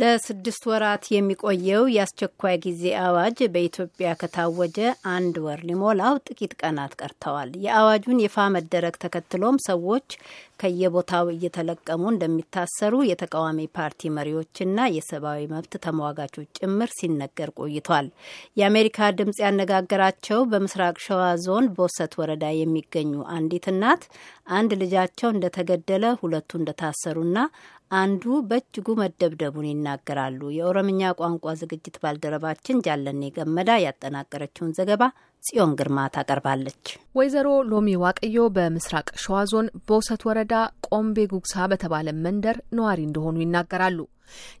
ለስድስት ወራት የሚቆየው የአስቸኳይ ጊዜ አዋጅ በኢትዮጵያ ከታወጀ አንድ ወር ሊሞላው ጥቂት ቀናት ቀርተዋል። የአዋጁን ይፋ መደረግ ተከትሎም ሰዎች ከየቦታው እየተለቀሙ እንደሚታሰሩ የተቃዋሚ ፓርቲ መሪዎችና የሰብአዊ መብት ተሟጋቾች ጭምር ሲነገር ቆይቷል። የአሜሪካ ድምጽ ያነጋገራቸው በምስራቅ ሸዋ ዞን ቦሰት ወረዳ የሚገኙ አንዲት እናት አንድ ልጃቸው እንደተገደለ፣ ሁለቱ እንደታሰሩና አንዱ በእጅጉ መደብደቡን ይናገራሉ። የኦሮምኛ ቋንቋ ዝግጅት ባልደረባችን ጃለኔ ገመዳ ያጠናቀረችውን ዘገባ ጽዮን ግርማ ታቀርባለች። ወይዘሮ ሎሚ ዋቅዮ በምስራቅ ሸዋ ዞን በውሰት ወረዳ ቆምቤ ጉግሳ በተባለ መንደር ነዋሪ እንደሆኑ ይናገራሉ።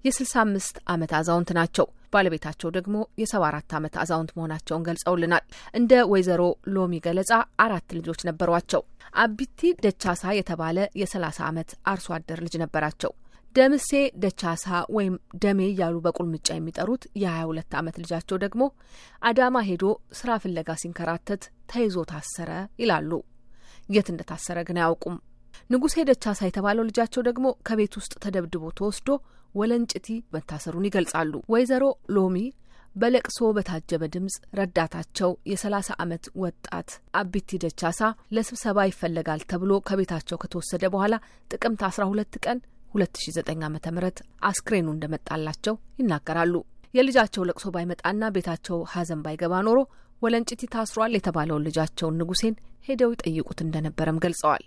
የ65 ዓመት አዛውንት ናቸው። ባለቤታቸው ደግሞ የ74 ዓመት አዛውንት መሆናቸውን ገልጸውልናል። እንደ ወይዘሮ ሎሚ ገለጻ አራት ልጆች ነበሯቸው። አቢቲ ደቻሳ የተባለ የ30 ዓመት አርሶ አደር ልጅ ነበራቸው። ደምሴ ደቻሳ ወይም ደሜ እያሉ በቁልምጫ የሚጠሩት የ ሁለት ዓመት ልጃቸው ደግሞ አዳማ ሄዶ ስራ ፍለጋ ሲንከራተት ተይዞ ታሰረ ይላሉ። የት እንደታሰረ ግን አያውቁም። ንጉሴ ደቻሳ የተባለው ልጃቸው ደግሞ ከቤት ውስጥ ተደብድቦ ተወስዶ ወለንጭቲ መታሰሩን ይገልጻሉ። ወይዘሮ ሎሚ በለቅሶ በታጀበ ድምፅ ረዳታቸው የ30 ዓመት ወጣት አቢቲ ደቻሳ ለስብሰባ ይፈለጋል ተብሎ ከቤታቸው ከተወሰደ በኋላ ጥቅምት ሁለት ቀን 2009 ዓ ም አስክሬኑ እንደመጣላቸው ይናገራሉ። የልጃቸው ለቅሶ ባይመጣና ቤታቸው ሀዘን ባይገባ ኖሮ ወለንጭቲ ታስሯል የተባለውን ልጃቸውን ንጉሴን ሄደው ይጠይቁት እንደነበረም ገልጸዋል።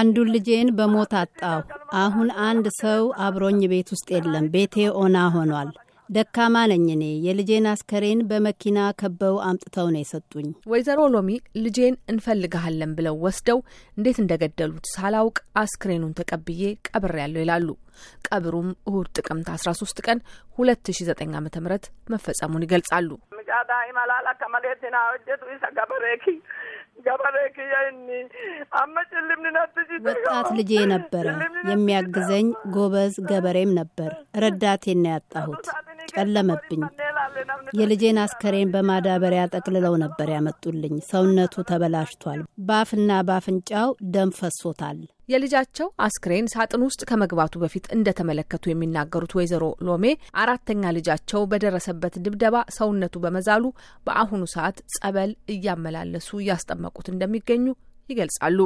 አንዱን ልጄን በሞት አጣሁ። አሁን አንድ ሰው አብሮኝ ቤት ውስጥ የለም። ቤቴ ኦና ሆኗል። ደካማ ነኝ እኔ። የልጄን አስከሬን በመኪና ከበው አምጥተው ነው የሰጡኝ። ወይዘሮ ሎሚ ልጄን እንፈልግሃለን ብለው ወስደው እንዴት እንደገደሉት ሳላውቅ አስክሬኑን ተቀብዬ ቀብር ያለው ይላሉ። ቀብሩም እሁድ ጥቅምት 13 ቀን 2009 ዓ ም መፈጸሙን ይገልጻሉ። ወጣት ልጄ ነበረ የሚያግዘኝ፣ ጎበዝ ገበሬም ነበር። ረዳቴን ነው ያጣሁት። ጨለመብኝ። የልጄን አስከሬን በማዳበሪያ ጠቅልለው ነበር ያመጡልኝ። ሰውነቱ ተበላሽቷል። በአፍና በአፍንጫው ደም ፈሶታል። የልጃቸው አስክሬን ሳጥን ውስጥ ከመግባቱ በፊት እንደተመለከቱ የሚናገሩት ወይዘሮ ሎሜ አራተኛ ልጃቸው በደረሰበት ድብደባ ሰውነቱ በመዛሉ በአሁኑ ሰዓት ጸበል እያመላለሱ እያስጠመቁት እንደሚገኙ ይገልጻሉ።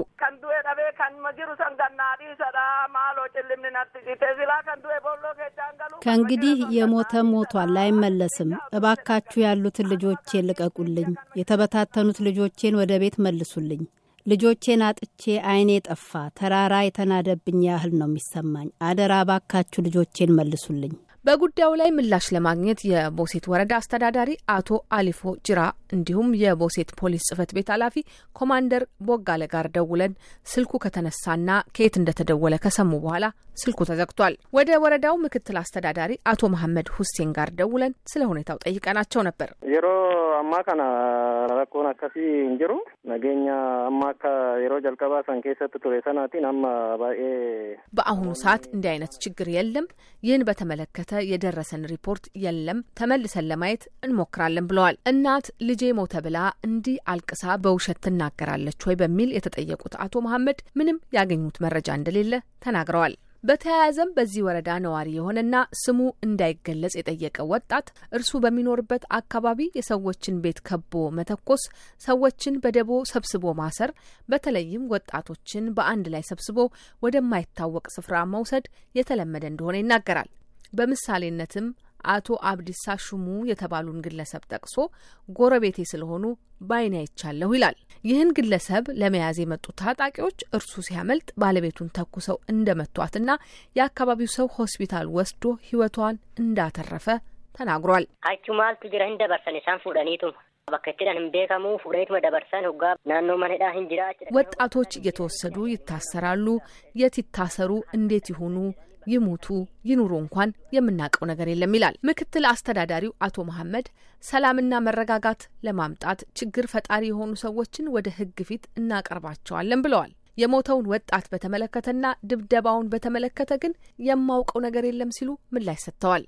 ከእንግዲህ የሞተ ሞቷል፣ አይመለስም። እባካችሁ ያሉትን ልጆቼን ልቀቁልኝ። የተበታተኑት ልጆቼን ወደ ቤት መልሱልኝ። ልጆቼን አጥቼ አይኔ ጠፋ። ተራራ የተናደብኝ ያህል ነው የሚሰማኝ። አደራ እባካችሁ ልጆቼን መልሱልኝ። በጉዳዩ ላይ ምላሽ ለማግኘት የቦሴት ወረዳ አስተዳዳሪ አቶ አሊፎ ጅራ እንዲሁም የቦሴት ፖሊስ ጽህፈት ቤት ኃላፊ ኮማንደር ቦጋለ ጋር ደውለን ስልኩ ከተነሳና ከየት እንደተደወለ ከሰሙ በኋላ ስልኩ ተዘግቷል። ወደ ወረዳው ምክትል አስተዳዳሪ አቶ መሐመድ ሁሴን ጋር ደውለን ስለ ሁኔታው ጠይቀናቸው ነበር። የሮ አማካና ረኮን አካፊ እንጅሩ ነገኛ አማካ የሮ ጀልቀባ ቱሬ ሰናቲን አማ ባኤ በአሁኑ ሰዓት እንዲህ አይነት ችግር የለም። ይህን በተመለከተ የደረሰን ሪፖርት የለም፣ ተመልሰን ለማየት እንሞክራለን ብለዋል። እናት ልጄ ሞተ ብላ እንዲህ አልቅሳ በውሸት ትናገራለች ወይ በሚል የተጠየቁት አቶ መሐመድ ምንም ያገኙት መረጃ እንደሌለ ተናግረዋል። በተያያዘም በዚህ ወረዳ ነዋሪ የሆነና ስሙ እንዳይገለጽ የጠየቀ ወጣት እርሱ በሚኖርበት አካባቢ የሰዎችን ቤት ከቦ መተኮስ፣ ሰዎችን በደቦ ሰብስቦ ማሰር፣ በተለይም ወጣቶችን በአንድ ላይ ሰብስቦ ወደማይታወቅ ስፍራ መውሰድ የተለመደ እንደሆነ ይናገራል። በምሳሌነትም አቶ አብዲሳ ሹሙ የተባሉን ግለሰብ ጠቅሶ ጎረቤቴ ስለሆኑ ባይን አይቻለሁ ይላል። ይህን ግለሰብ ለመያዝ የመጡ ታጣቂዎች እርሱ ሲያመልጥ ባለቤቱን ተኩሰው እንደመቷትና የአካባቢው ሰው ሆስፒታል ወስዶ ህይወቷን እንዳተረፈ ተናግሯል። አቹማልቱ ጅራ እንደበርሰን ሳን ፉዳኒቱ ወጣቶች እየተወሰዱ ይታሰራሉ። የት ይታሰሩ፣ እንዴት ይሁኑ ይሙቱ ይኑሩ እንኳን የምናውቀው ነገር የለም ይላል ምክትል አስተዳዳሪው አቶ መሐመድ። ሰላምና መረጋጋት ለማምጣት ችግር ፈጣሪ የሆኑ ሰዎችን ወደ ህግ ፊት እናቀርባቸዋለን ብለዋል። የሞተውን ወጣት በተመለከተና ድብደባውን በተመለከተ ግን የማውቀው ነገር የለም ሲሉ ምላሽ ሰጥተዋል።